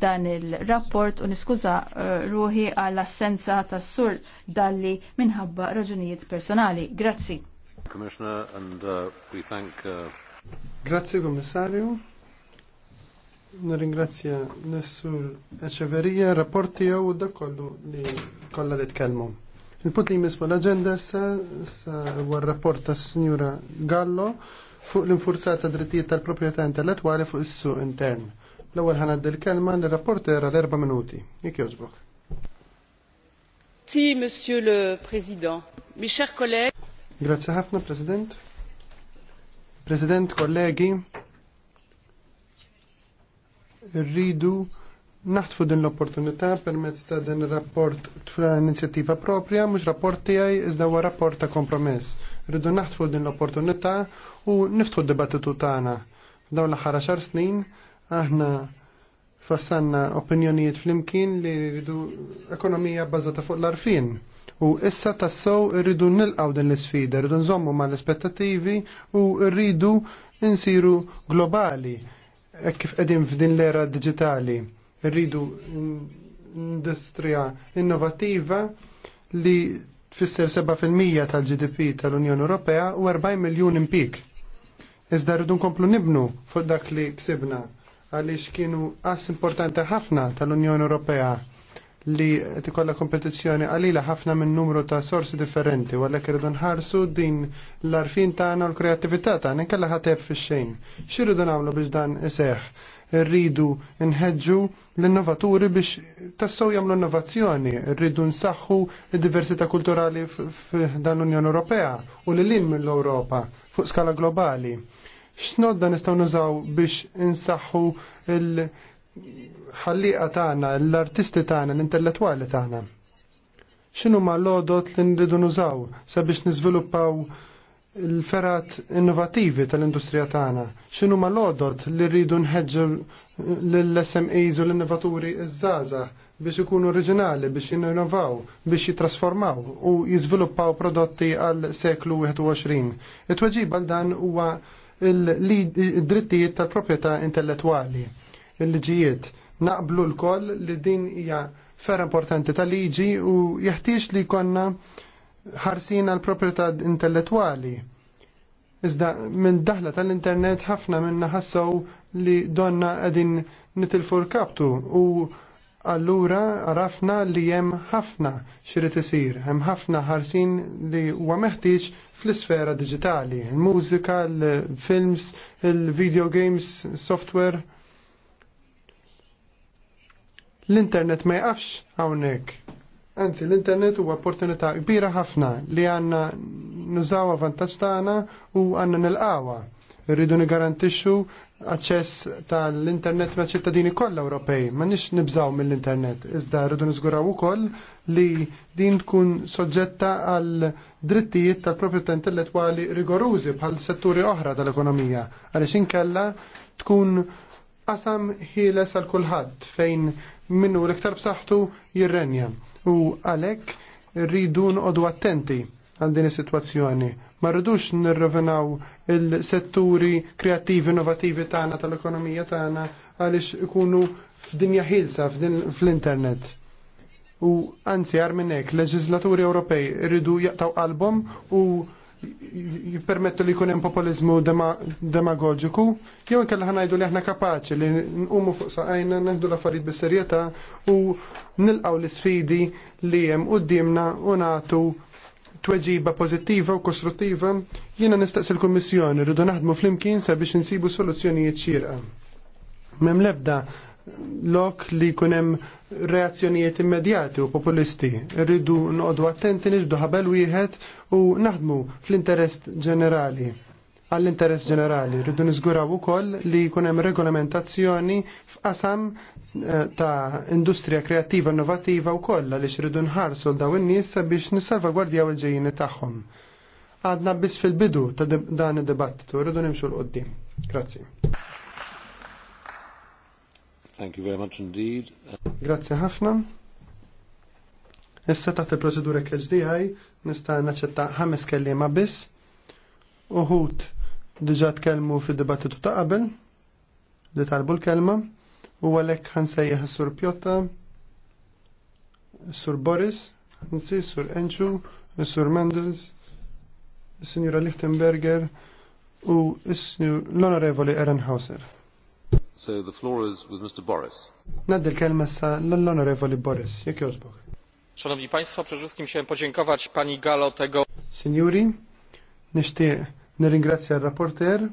f'dan il-rapport u niskuża eh, ruħi għall assenza ta' sur dalli minħabba raġunijiet personali. Grazzi. Commissioner, and uh, we thank... Uh... Grazzi, Commissario. Nirringrazzja nessur Eċeverija, rapporti u dakollu li kolla li tkellmu. il put li jmiss fuq l-agenda issa huwa r-rapport tas-Sinjura Gallo fuq l-infurzata drittijiet tal propieta intellettuali fuq is-suq intern. L-ewwel ħanaddi kelma lir rapporter għal erba minuti. Jekk jogħġbok. Si, Monsieur le Président, mes chers collègues. Grazie ħafna, President. President, kollegi, rridu naħtfu din l-opportunità permezz ta' din rapport ta' inizjattiva propria, mhux rapport tiegħi iżda huwa rapport ta' kompromess. Rridu naħtfu din l-opportunità u niftħu d-dibattitu tagħna. Dawn l-aħħar xar snin Aħna fassanna opinjonijiet flimkien li rridu ekonomija bbażata fuq l-arfin. U issa tassow rridu nilqaw din l-sfida, rridu nżommu ma l-aspettativi u rridu insiru globali, e kif qegħdin f'din l-era digitali. Rridu industrija innovativa li tfisser 7% tal-GDP tal-Unjoni Ewropea u 40 miljun impik. Iżda rridu nkomplu nibnu fuq dak li ksibna għaliex kienu għas importanti ħafna tal-Unjoni Ewropea li tikolla kompetizzjoni għalila ħafna minn numru ta' sorsi differenti, u għallek rridu nħarsu din l-arfin tagħna għana l-kreativita għana kalla ħateb fix-xejn. X'irridu nagħmlu biex dan iseħħ? rridu nħeġġu l-innovaturi biex tassew jamlu innovazzjoni, rridu nsaħħu d-diversità kulturali f'dan l-Unjoni Ewropea u l-lim mill-Ewropa fuq skala globali x'nodda nistgħu nużaw biex insaħħu l-ħalliqa tagħna, l-artisti tagħna, l-intellettwali tagħna. X'inhu ma l-għodot li nridu nużaw sabiex niżviluppaw l-ferat innovativi tal-industrija tagħna. X'inhu ma l-għodot li rridu nħeġġu l-SMEs u l-innovaturi iż-żgħażagħ biex ikunu oriġinali, biex jinnovaw, biex jitrasformaw u jizviluppaw prodotti għal seklu 21. It-tweġiba dan huwa il-drittijiet tal propieta intellettwali, il-liġijiet. Naqblu l-koll li din hija fer importanti tal-liġi u jeħtieġ li konna ħarsin għal proprjetà intellettwali. Iżda minn daħla tal-internet ħafna minna ħassaw li donna għedin nitilfu l-kaptu u allura arafna li hemm ħafna xirrid isir, hemm ħafna ħarsin li huwa meħtieġ fl-isfera diġitali, il-mużika, il-films, il-video games, software. L-internet ma jafx hawnhekk Anzi, l-internet huwa opportunità kbira ħafna li għanna nużawa vantaġġ tagħna u għanna nilqawa. Rridu nigarantixxu aċċess tal-internet ma' ċittadini kollha Ewropej, ma nix nibżaw mill-internet, iżda rridu niżguraw ukoll li din tkun soġġetta għal drittijiet tal-proprjetà intellettwali rigorużi bħal setturi oħra tal-ekonomija, għaliex inkella tkun qasam ħieles għal kulħadd fejn minnu l-iktar b'saħħtu jirrenja. U għalhekk rridu nqodu attenti għal din is-sitwazzjoni. Ma rridux nirrovinaw il-setturi kreattivi innovativi tagħna tal-ekonomija tagħna għaliex ikunu f'dinja ħilsa fl-internet. U anzi għar minnek, leġislaturi Ewropej rridu jaqtaw qalbhom u jippermettu li jkun hemm populizmu demagogiku, jew inkella ħanajdu li aħna kapaċi li nqumu fuq saqajna neħdu l-affarijiet bis-serjetà u nilqgħu l-isfidi li hemm qudiemna u nagħtu tweġiba pożittiva u kostruttiva jiena nistaqsi l-Kummissjoni rridu naħdmu flimkien sabiex insibu soluzzjonijiet xierqa. Mem lebda lok li kunem reazzjonijiet immedjati u populisti. Rridu noqdu attenti nġdu ħabel wieħed u naħdmu fl-interess ġenerali. Għall-interess ġenerali, rridu niżguraw ukoll li jkun hemm regolamentazzjoni f'qasam eh, ta' industrija kreattiva innovattiva wkoll għalix rridu nħarsu l daw in-nies biex nissalvagwardjaw il-ġejjini tagħhom għadna biss fil-bidu ta' dan id-debattitu, rridu nimxu l-qoddim. Grazzi. Thank you very much indeed. Grazie ħafna. Issa taħt il-proċedura KHDI nista' naċċetta ħames kelliema biss. Uħut diġà tkellmu fid-dibattitu ta' qabel li talbu l-kelma u għalhekk ħansejjaħ sur Pjotta, sur Boris, ħansi sur Enchu, sur Mendels, Signora sinjura Lichtenberger u l-Onorevoli Ehrenhauser. So the floor is with Mr. Boris. Naddil kelma sa l-onorevoli Boris. Jak jozbok? Szanowni Państwo, przede wszystkim chciałem podziękować Pani Galo tego... Signori, nishtiq nirringrazzja l-rapporter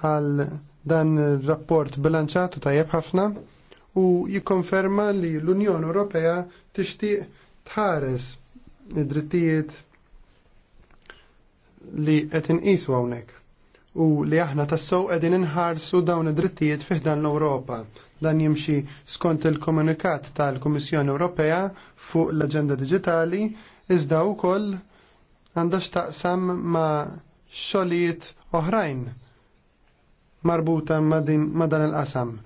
għal dan rapport bilanċatu tajjeb ħafna u jikkonferma li l-Unjoni Ewropea tixtieq tħares id-drittijiet li etin inqisu hawnhekk u li aħna tassew qegħdin inħarsu dawn id-drittijiet fih dan l-Ewropa. Dan jimxi skont il-komunikat tal-Kummissjoni Ewropea fuq l-Aġenda Diġitali iżda wkoll għandha x'taqsam ma' xogħlijiet oħrajn marbuta ma' dan il-qasam.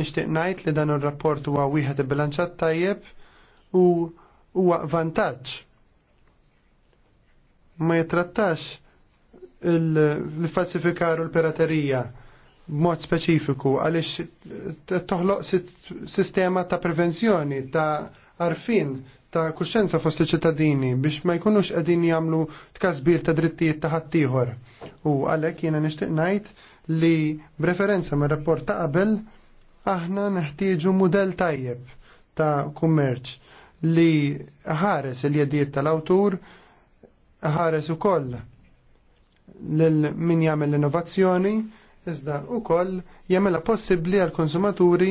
Nixtieq ngħid li dan ir-rapport huwa wieħed ibbilanċat tajjeb u huwa vantaġġ ma jitrattax l-falsifikar u l-piraterija b'mod speċifiku għaliex toħloq sistema ta' prevenzjoni, ta' arfin, ta' kuxenza fost il-ċittadini biex ma jkunux qegħdin jagħmlu tkazbir ta' drittijiet ta' ħaddieħor. U għalhekk jiena nixtieq ngħid li b'referenza ma' rapport ta' qabel aħna neħtieġu mudell tajjeb ta' kummerċ li ħares il-jedijiet tal-awtur ħares ukoll lil min jagħmel l-innovazzjoni, iżda wkoll jagħmilha possibbli għall konsumaturi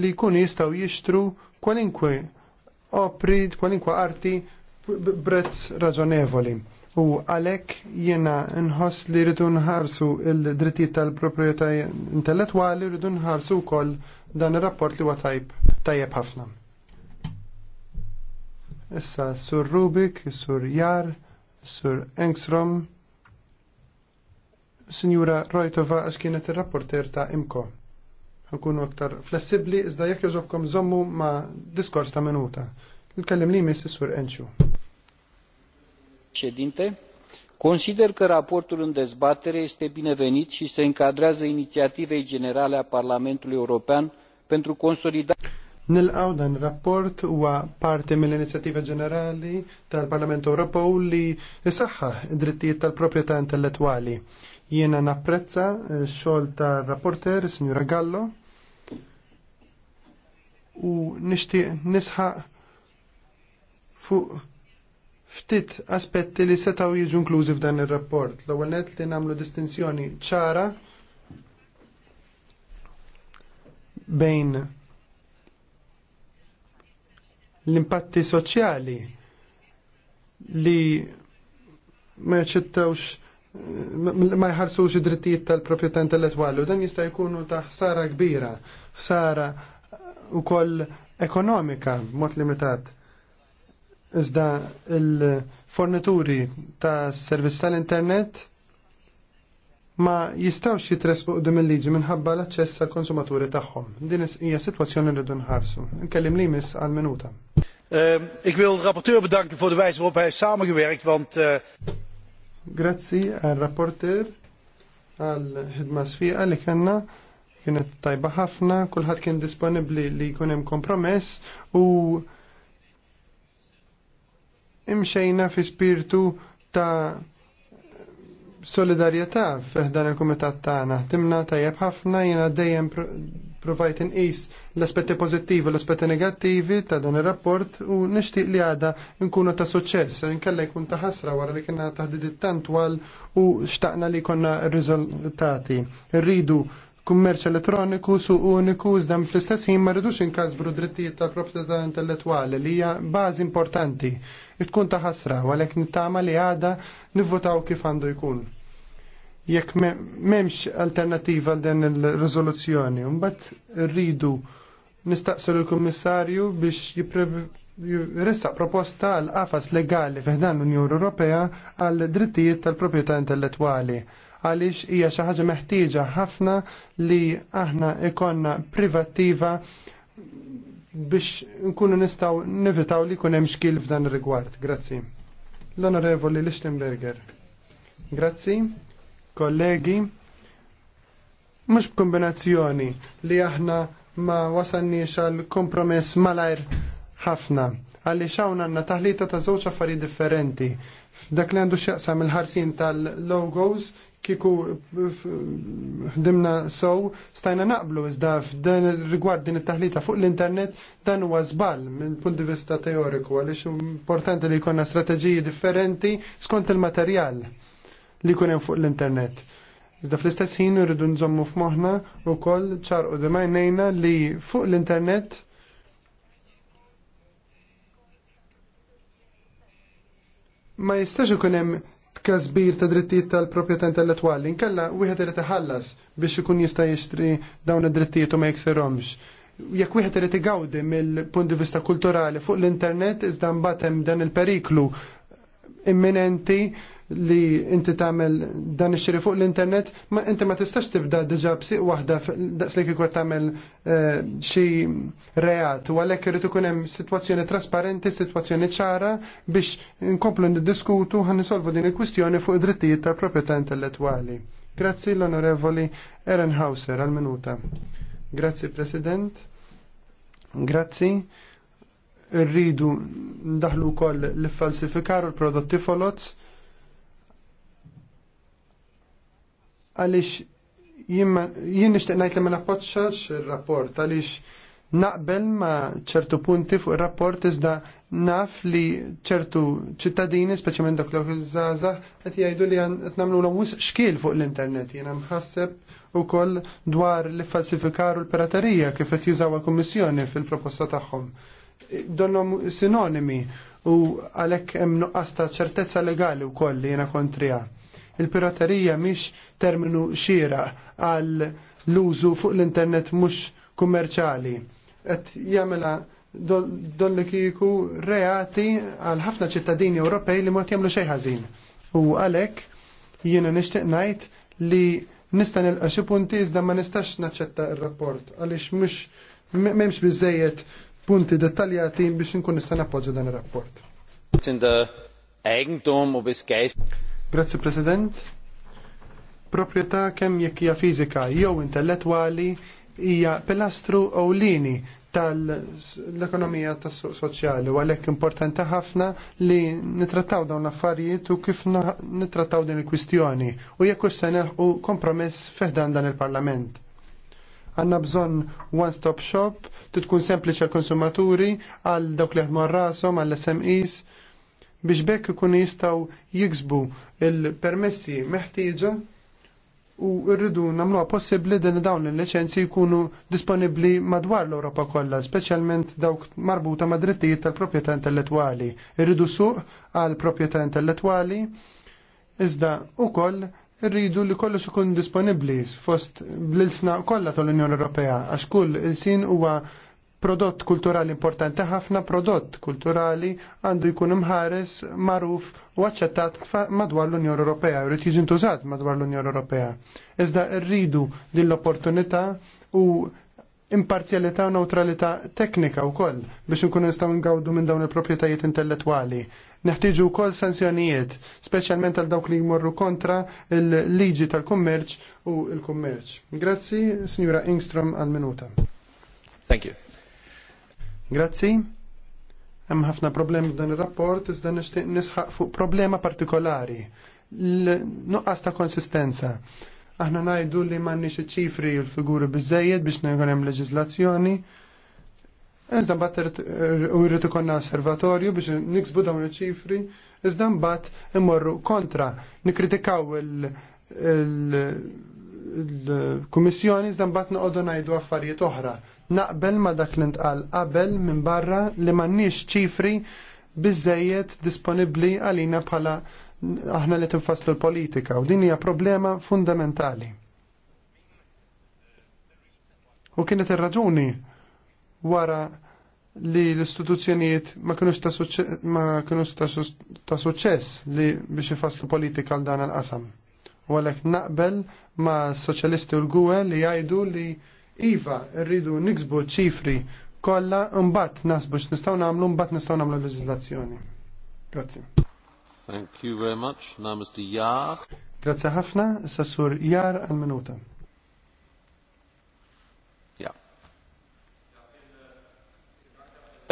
li jkunu jistgħu jixtru kwalinkwe opri, kwalinkwe arti b'prezz raġonevoli. U għalhekk jiena nħoss li rridu nħarsu il drittijiet tal-proprjetà intellettwali rridu nħarsu wkoll dan ir-rapport li huwa tajb tajjeb ħafna. Issa sur Rubik, sur Jar, sur Engstrom, Sinjura Rojtova għax kienet ir-rapporter ta' Imko. Nkunu aktar flessibli iżda jekk jogħġobkom żommu ma' diskors ta' minuta. Il-kellim li mis is-sur Enxu. Ședinte, consider că raportul în dezbatere este binevenit și se încadrează inițiativei generale a Parlamentului European pentru consolidarea Nilqaw dan rapport huwa parti mill-inizjattiva ġenerali tal-Parlament Ewropew li isaħħaħ id-drittijiet tal-proprjetà intellettwali. Jiena napprezza eh, xogħol tar-rapporter, Sinjura Gallo, u nixtieq nisħaq fuq ftit aspetti li setaw jiġu inklużi f'dan ir-rapport. L-ewwel li nagħmlu distinzjoni ċara bejn l-impatti soċjali li ma jaċċettawx ma jħarsux id-drittijiet tal-proprjetà intellettuali u dan jista' jkunu ta' ħsara kbira, ħsara wkoll uh, ekonomika b'mod limitat. Iżda il-fornituri ta' servizz tal-internet ma jistawx jitresqu qudiem il-liġi minħabba l-aċċess għall konsumaturi tagħhom. Din hija sitwazzjoni li rridu nħarsu. Nkellim li miss għal minuta. Ehm, ik wil rapporteur bedanken voor de wijze waarop hij heeft samengewerkt, want eh, Grazzi għal rapporter għal ħidma sfiqa li kanna kienet tajba ħafna, kulħadd kien disponibbli li jkun hemm kompromess u imxejna fi spirtu ta' solidarjetà f'dan il-kumitat tagħna. Timna tajjeb ħafna jiena dejjem provajt inqis l-aspetti pożittivi u l-aspetti negattivi ta' dan ir-rapport u nixtieq li għada nkunu ta' suċċess, inkella jkun ta' ħasra wara li kienna taħdid tant twal u xtaqna li konna riżultati. Rridu kummerċ elettroniku su uniku zdam fl-istess ħin ma rridux inkasbru drittijiet tal proprjetà intellettwali li hija bażi importanti. Tkun ta' ħasra għalhekk nittama li għada nivvotaw kif għandu jkun jekk memx alternativa għal dan il-rizoluzzjoni. Mbagħad rridu nistaqsu l-Kummissarju biex jressaq proposta għal qafas legali fiħdan l-Unjoni Ewropea għal drittijiet tal-proprjetà intellettwali għaliex hija xi ħaġa meħtieġa ħafna li aħna ikonna privattiva biex nkunu nistgħu nevitaw li jkun hemm xkil f'dan ir-rigward. Grazzi. L-Onorevoli Lichtenberger. Grazzi kollegi, mhux b'kombinazzjoni li aħna ma wasalniex għal kompromess malajr ħafna għalli xawna għanna taħlita ta' żewġ affarijiet differenti. Dak li għandu x'jaqsam il-ħarsin tal-logos kiku ħdimna sow stajna naqblu iżda f'dan rigward din it-taħlita fuq l-internet dan huwa żball minn punt di vista teoriku għaliex importanti li jkollna strateġiji differenti skont il-materjal li jkun hemm fuq l-internet. Iżda fl-istess ħin irridu nżommu f'moħħna wkoll ċarqu dimajnejna li fuq l-internet ma jistax ikun hemm tkasbir ta' drittijiet tal-proprjetà intellettwali. Inkella wieħed irid iħallas biex ikun jista' jixtri dawn id-drittijiet u ma jiksirhomx. Jekk wieħed irid igawdi mill-punt di vista kulturali fuq l-internet iżda mbagħad hemm dan il-periklu imminenti li inti tagħmel dan ix-xiri fuq l-internet, ma inti ma tistax tibda diġà b'siq waħda daqs li kikwa tagħmel eh, xi reat u għalhekk irid ikun hemm sitwazzjoni trasparenti, sitwazzjoni ċara biex nkomplu niddiskutu ħan nisolvu din il-kwistjoni fuq id-drittijiet tal proprjetà intellettwali. Grazzi l-Onorevoli Hauser għal-minuta. Grazzi President. Grazzi rridu ndaħlu kol li falsifikaru l-prodotti folots għaliex jien nixtieq ngħid li ma napoċċax ir-rapport għaliex naqbel ma' ċertu punti fuq ir-rapport iżda naf li ċertu ċittadini, speċjalment dok ok iż żaza qed jgħidu li qed nagħmlu wisq xkiel fuq l-internet. Jiena ħasseb ukoll dwar li falsifikaru l-piraterija kif qed jużaw il-Kummissjoni fil-proposta tagħhom. Donhom sinonimi u għalhekk hemm nuqqas ta' ċertezza legali wkoll li jiena kontrija. Il-piraterija mhix terminu xira għal l-użu fuq l-internet mhux kummerċali. Qed jagħmilha don li kiku reati għal ħafna ċittadini Ewropej li mod jagħmlu xejn ħażin. U għalhekk jiena nixtieq ngħid li nista' nilqa' xi punti iżda ma nistax naċċetta r-rapport għaliex mhux m'hemmx biżejjed punti dettaljati biex inkun nista' nappoġġa dan ir-rapport. Äh, Eigentum u bis geist. Grazzi President. Proprjetà kemm jekk hija fiżika jew intellettwali hija pilastru ewlieni tal-ekonomija tas soċjali u għalhekk importanti ħafna li nitrattaw dawn l-affarijiet u kif nitrattaw din il-kwistjoni u jekk se nelħu kompromess feħdan dan il-Parlament. Għanna bżonn one-stop shop, titkun sempliċi għal konsumaturi, għal dawk li għadmu rasom għall SMEs biex bekk ikun jistgħu jiksbu il-permessi meħtieġa u rridu nagħmluha possibbli din dawn il-liċenzji jkunu disponibbli madwar l-Ewropa kollha, speċjalment dawk marbuta ma' drittijiet tal-proprjetà intellettwali. Irridu suq għal proprjetà intellettwali iżda ukoll rridu li kollox ikun disponibbli fost bl-ilsna kollha tal-Unjoni Ewropea għax kull ilsin huwa prodott kulturali importanti ħafna, prodott kulturali għandu jkun imħares, maruf u aċċettat madwar l-Unjoni Ewropea, jrid jiġi ntużat madwar l-Unjoni Ewropea. Iżda rridu din l-opportunità u imparzjalità u neutralità teknika wkoll biex nkunu nistaw ngawdu minn dawn il-proprjetajiet intellettwali. Neħtieġu wkoll sanzjonijiet, speċjalment għal dawk li jmorru kontra il-liġi tal-kummerċ u l-kummerċ. Grazzi, Signora Ingstrom, għal-minuta. Thank you. Grazzi. Hemm ħafna problemi f'dan ir-rapport iżda nixtieq nisħaq fuq problema partikolari. L-nuqqas ta' konsistenza. Aħna ngħidu li m'għandniex iċ-ċifri u l-figuri biżejjed biex nkun hemm leġiżlazzjoni. Iżda mbagħad irid ikollna osservatorju biex niksbu dawn iċ-ċifri, iżda mbagħad imorru kontra, nikkritikaw il-Kummissjoni iżda mbagħad noqogħdu ngħidu affarijiet oħra naqbel ma dak li ntqal qabel minn barra li m'għandniex ċifri biżejjed disponibbli għalina bħala aħna li tinfasslu l-politika u din hija problema fundamentali. U kienet ir-raġuni wara li l-istituzzjonijiet ma kienux ta' suċċess li biex ifasslu politika għal dan l qasam U għalhekk naqbel ma' soċjalisti u l-gwe li jgħidu li Iva, rridu niksbu ċifri kolla mbatt nasbu x x'nistgħu nagħmlu mbagħad nistgħu nagħmlu leġizlazzjoni. Grazie. Thank you very much. Now Mr. Jar. Grazie ħafna, s Sassur Jar għal minuta. Ja.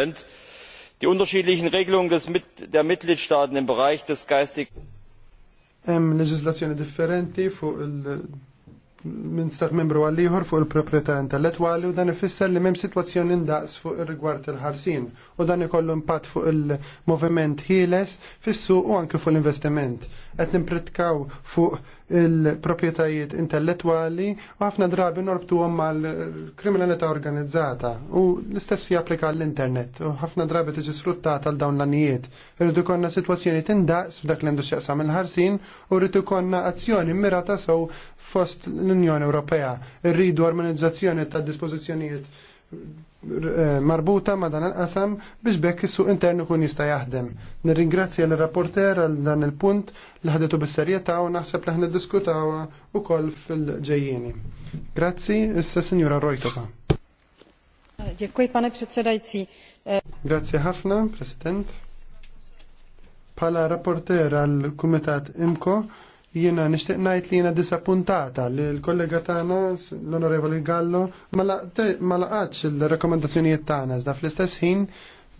Die unterschiedlichen Regelungen des, mit der Mitgliedstaaten im Bereich des geistigen Hemm leġiżlazzjoni differenti fuq il minn stat membru għal ieħor fuq il-proprjetà intellettwali u dan ifisser li m'hemm sitwazzjoni ndaqs fuq ir-rigward il-ħarsin u dan ikollu impatt fuq il-moviment ħieles fis-suq u anke fuq l-investiment. Qed nimpritkaw fuq il-proprjetajiet intellettwali u ħafna drabi norbtuhom mal-kriminalità organizzata u l-istess japplika l-internet u ħafna drabi tiġi sfruttata għal dawn l-anijiet. Irridu konna sitwazzjoni tindaqs f'dak l-industri xaqsam il-ħarsin u rridu konna azzjoni mirata sew fost l-Unjoni Ewropea. rridu armonizzazzjoni ta' dispożizzjonijiet eh, marbuta ma' dan il-qasam biex bekk is-suq internu kun jista' jaħdem. Nirringrazzja l-rapporter għal dan il-punt li ħadetu bis-serjetà u naħseb li ħna diskutawha ukoll fil-ġejjieni. Grazzi, issa Sinjura Rojtova. Dziękuję panie przewodniczący. Grazie ħafna, President. Pala rapporter għal Kumitat Imko jiena nixtieq ngħid li jiena disappuntata li l-kollega tagħna l-Onorevoli Gallo ma laqatx il-rakkomandazzjonijiet tagħna iżda fl-istess ħin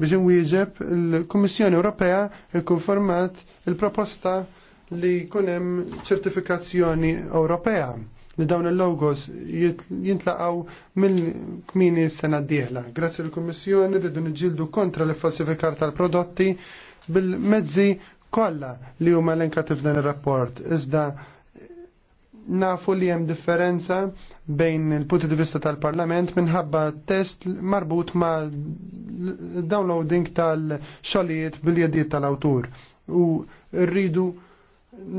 biex inwieġeb il-Kummissjoni Ewropea ikkonformat il-proposta li jkun hemm ċertifikazzjoni Ewropea li dawn il-logos jintlaqaw mill-kmini s-sena d-dieħla. Grazzi l kummissjoni rridu niġġieldu kontra li falsifikar tal-prodotti bil-mezzi Kolla li huma elenkati f'dan ir-rapport iżda nafu li hemm differenza bejn il-punti di vista tal-Parlament minħabba test marbut ma' downloading tal-xogħlijiet bil-jediet tal-awtur. U rridu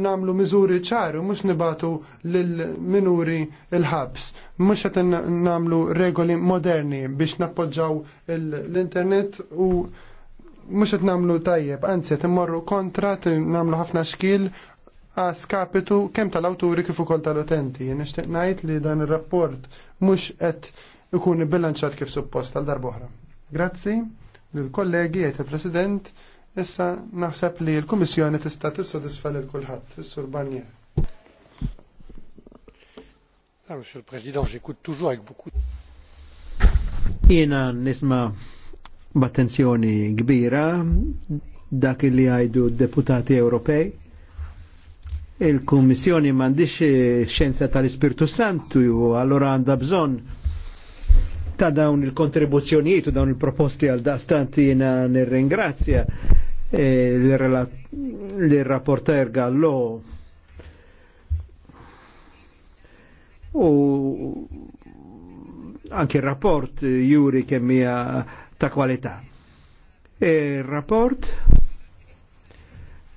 namlu miżuri ċaru, mux nibatu l-minuri il-ħabs, mux għet namlu regoli moderni biex nappoġġaw l-internet u mux qed namlu tajjeb, anzi qed immorru kontra namlu ħafna xkil skapitu kemm tal-awturi kif ukoll tal-utenti. Nixtieq ngħid li dan ir-rapport mhux qed ikun bilanċat kif suppost tal darba oħra. Grazzi lill kollegi qed il-President issa naħseb li l-Kummissjoni tista' tissodisfa lil kulħadd, is-Sur Barnier. Ah, Monsieur le Président, j'écoute toujours avec beaucoup. Jena nisma' b'attenzjoni kbira dak li għajdu deputati Ewropej. Il-Kummissjoni m'għandix eh, xjenza tal-Ispirtu Santu u allora għandha bżonn ta' dawn il-kontribuzzjonijiet u dawn il-proposti għal daqstanti jena nirringrazzja eh, l-rapporter Gallo u anki il-rapport eh, juri kemmija ta' kwalità. Il-rapport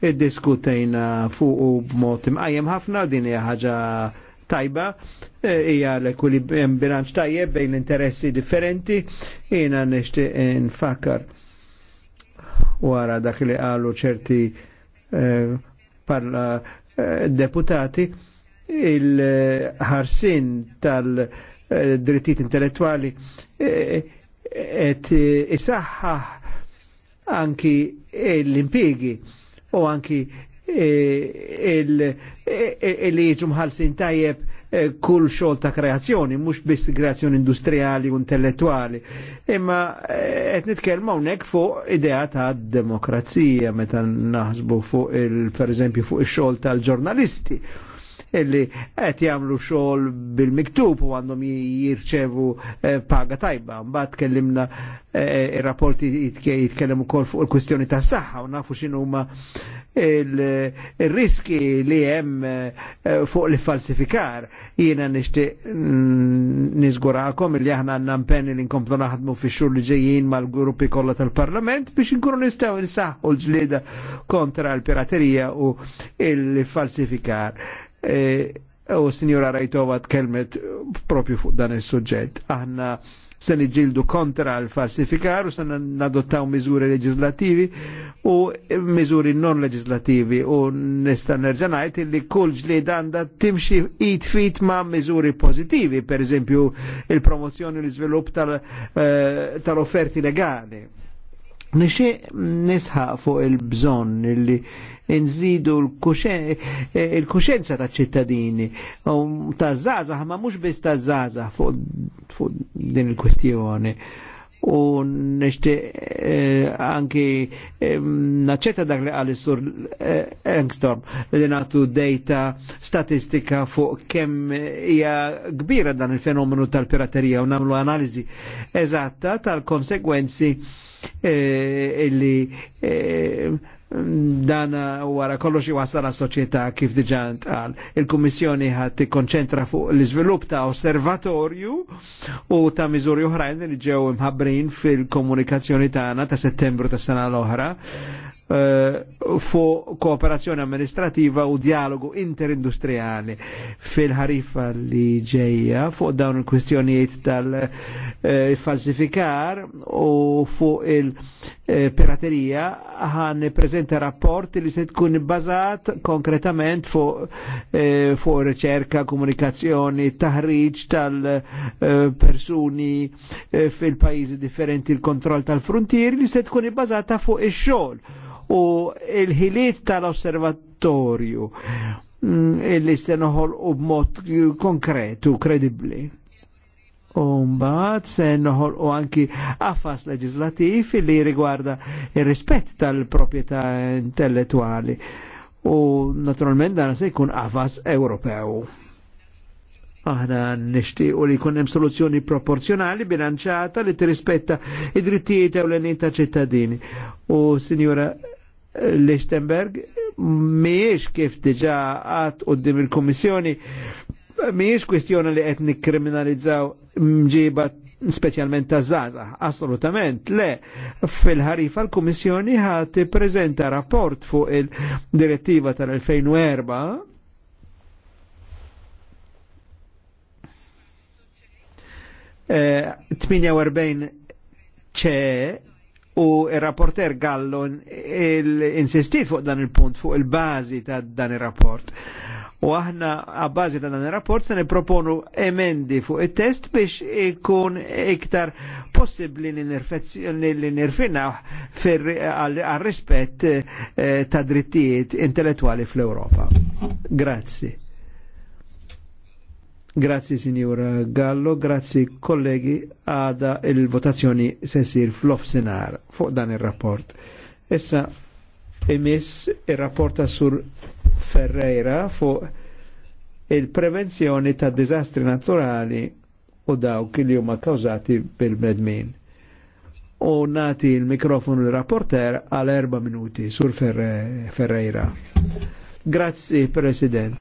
id-diskutejna e fuq b'mod imqajjem ħafna din hija ħaġa tajba, e, hija l-ekwilibrium bilanċ tajjeb bejn interessi differenti, jiena nixtieq nfakkar wara dak li qalu ċerti eh, parla eh, deputati il-ħarsin tal-drittijiet e, intellettwali e, et eh, isaħħaħ anki l-impiegi u anki eh, eh, li jiġu ħalsin tajjeb kull xogħol ta' kreazzjoni, mhux biss kreazzjoni industriali u intellettuali. Imma qed nitkellmu hawnhekk fuq idea ta' demokrazija meta naħsbu fuq il pereżempju fuq ix-xogħol tal-ġurnalisti illi qed jagħmlu xogħol bil-miktub u għandhom jirċevu eh, paga tajba. Mbagħad kellimna eh, ir-rapporti jitkellem ukoll fuq il-kwistjoni tas-saħħa u nafu xinu huma il-riski li hemm eh, fuq li falsifikar jiena nixtieq mm, niżgurakom li aħna għanna mpenni li nkomplu naħdmu fix xur li ġejjin mal-gruppi kollha tal-Parlament biex inkunu nistgħu nsaħħu l ġlida kontra l-piraterija u il-falsifikar E, u signora Rajtova tkelmet propju fuq dan il sujġet Aħna se niġildu kontra l-falsifikar u se nadottaw miżuri leġislativi u miżuri non leġislativi u nista' nerġanajt li kull ġlied għandha timxi id fit ma' miżuri pozitivi, per eżempju il-promozzjoni l-iżvilupp e, tal-offerti legali Nixie nisħa fuq il-bżon li nżidu l-kuxenza ta' ċittadini u ta' zazah ma' mux biss ta' zazah fuq din il-kwestjoni u nishti eh, anki eh, naċċetta dak li għalli sur eh, Engstorm li natu data statistika fuq kemm hija kbira dan il-fenomenu tal-piraterija u namlu analizi eżatta tal-konsegwenzi eh, illi dan wara kollox jwassal għas-soċjetà kif diġà ntqal. Il-Kummissjoni ħadd tikkonċentra fuq l-iżvilupp ta' osservatorju u ta' miżuri oħrajn li ġew imħabbrin fil-komunikazzjoni tagħna ta' Settembru tas-sena l-oħra eh, fuq kooperazzjoni amministrativa u dialogu interindustriali fil-ħarifa li ġejja fuq dawn il-kwistjonijiet tal-falsifikar eh, u fuq il- Eh, piraterija ħan prezenta rapport li se tkun bazat konkretament fuq eh, fu riċerka, komunikazzjoni, taħriġ tal-persuni eh, fil pajizi differenti, il-kontroll tal-frontier li se tkun bazata fuq ix-xogħol u il-ħiliet tal-osservatorju mm, illi se noħol u b'mod konkretu, kredibli. Umbat se noħor u anki affas leġislativ li rigwarda il-rispett tal-propieta intellettuali. U naturalment dan se jkun affas Ewropew. Aħna u li jkun hemm soluzzjoni proporzjonali bilanċata li tirrispetta i drittijiet ewlenin ta' ċittadini. U Sinjura Lichtenberg miex kif diġa għat qoddim il-Kommissjoni miex kwestjoni li qed nikkriminalizzaw mġiba specialment ta' zaza, assolutament le. Fil-ħarifa l-Kummissjoni ħat prezenta rapport fuq il-direttiva tal-2004 eh, 48 ċe u il-rapporter Gallon il insistit fuq dan il-punt, fuq il-bazi ta' dan il-rapport. U aħna għabbażi ta' dan il-rapport se niproponu emendi fuq il-test biex ikun iktar possibli li nirfinaw għal-rispett eh, ta' drittijiet intellettuali fl-Europa. Grazzi. Grazzi signora Gallo, grazzi kollegi għada il-votazzjoni sessir fl-offsenar fuq dan il-rapport. Essa emis il-rapport sur Ferreira fuq il-prevenzjoni ta' dizastri naturali u dawk li huma kawżati bil-medmin. U nati il-mikrofonu l-rapporter għal erba' minuti sur Ferreira. Grazie President.